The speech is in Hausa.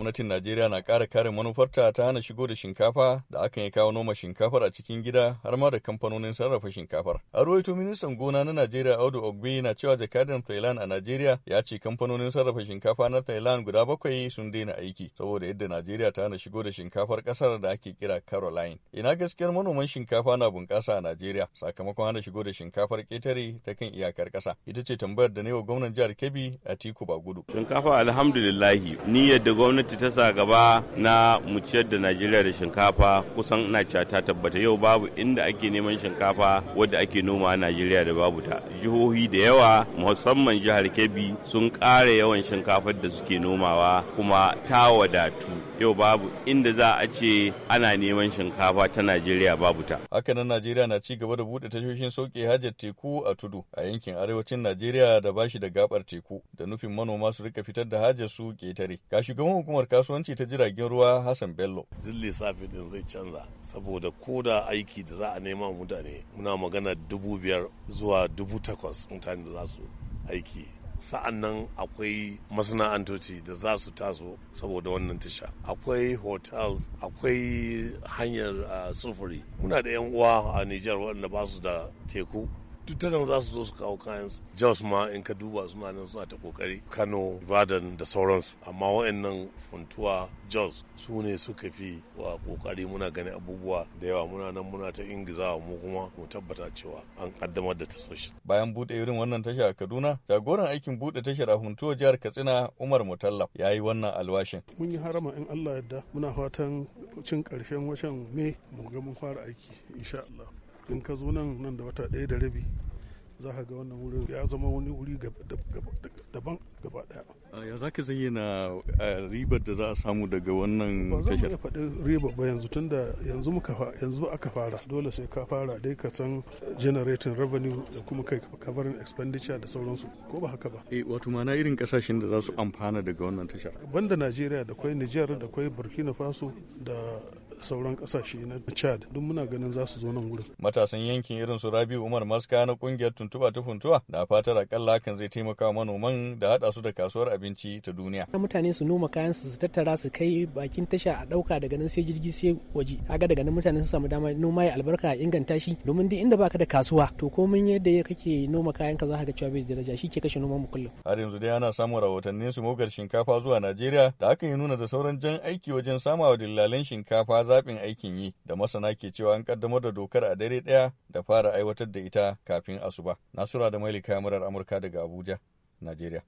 gwamnatin Najeriya na ƙara kare manufarta ta hana shigo da shinkafa da akan yi kawo noma shinkafar a cikin gida har ma da kamfanonin sarrafa shinkafar. A ruwaito ministan gona na Najeriya Audu Ogbe na cewa jakadan Thailand a Najeriya ya ce kamfanonin sarrafa shinkafa na Thailand guda bakwai sun daina aiki saboda yadda Najeriya ta hana shigo da shinkafar ƙasar da ake kira Caroline. Ina gaskiyar manoman shinkafa na bunƙasa a Najeriya sakamakon hana shigo da shinkafar ƙetare ta kan iyakar ƙasa. Ita ce tambayar da ne wa gwamnan jihar Kebbi Atiku Bagudu. Shinkafa alhamdulillahi ni yadda gwamnati gwamnati ta sa gaba na mu da Najeriya da shinkafa kusan ina cewa ta tabbata yau babu inda ake neman shinkafa wadda ake noma a Najeriya da babu ta. Jihohi da yawa musamman jihar Kebbi sun ƙara yawan shinkafar da suke nomawa kuma ta wadatu. Yau babu inda za a ce ana neman shinkafa ta Najeriya babu ta. nan Najeriya na ci gaba da buɗe tashoshin sauke hajar teku a tudu a yankin arewacin Najeriya da bashi da gabar teku da nufin manoma su rika fitar da hajar su ƙetare. Ga shugaban hukumar hukumar kasuwanci ta jiragen ruwa Hassan Bello. Duk lissafi din zai canza saboda ko da aiki da za a nema mutane muna magana dubu biyar zuwa dubu takwas mutane da za su aiki sa'an nan akwai masana'antoci da za su taso saboda wannan tasha akwai hotels akwai hanyar ah, sufuri muna da 'yan uwa a nijar waɗanda ba su da teku ta za su zo su kawo kayansu jos ma in ka duba suna nan suna ta kokari kano ibadan da sauransu amma wa'annan funtuwa jos su ne suka fi wa kokari muna gani abubuwa da yawa muna nan muna ta ingizawa mu kuma mu tabbata cewa an kaddamar da tasoshi bayan bude irin wannan tasha a kaduna jagoran aikin bude tashar a funtuwa jihar katsina umar mutallaf ya yi wannan alwashin mun yi harama in allah yadda muna fatan cin karshen watan ne mu ga mun fara aiki insha in ka zo nan nan da wata ɗaya da rabi za ka ga wannan wurin ya zama wani wuri daban gaba daya. Ya za ka zayyana ribar da za a samu daga wannan tashar? Ba faɗi riba ba yanzu tun da yanzu muka yanzu aka fara dole sai ka fara dai ka san generating revenue da kuma kai covering expenditure da sauransu ko ba haka ba. Eh wato mana irin kasashen da za su amfana daga wannan tashar. Banda Najeriya da kwai Nijar da kwai Burkina Faso da sauran kasashe na chad duk muna ganin za su zo nan gurin matasan yankin irin su rabi umar maska na kungiyar tuntuba ta funtuwa na fatar akalla hakan zai taimaka wa manoman da hada su da kasuwar abinci ta duniya mutane su noma kayan su su tattara su kai bakin tasha a dauka daga nan sai jirgi sai waje kaga daga nan mutane su samu dama noma ya albarka a inganta shi domin duk inda baka da kasuwa to komin yadda kake noma kayan ka za ka ga cewa bai daraja shi ke kashe noman mu kullum har yanzu dai ana samun rahotannin su mogar shinkafa zuwa Najeriya da hakan ya nuna da sauran jan aiki wajen samawa dillalan shinkafa zaɓin aikin yi da masana ke cewa an ƙaddamar da dokar a dare ɗaya da fara aiwatar da ita kafin asuba. Nasura da Mailika kamarar Amurka daga Abuja, Najeriya.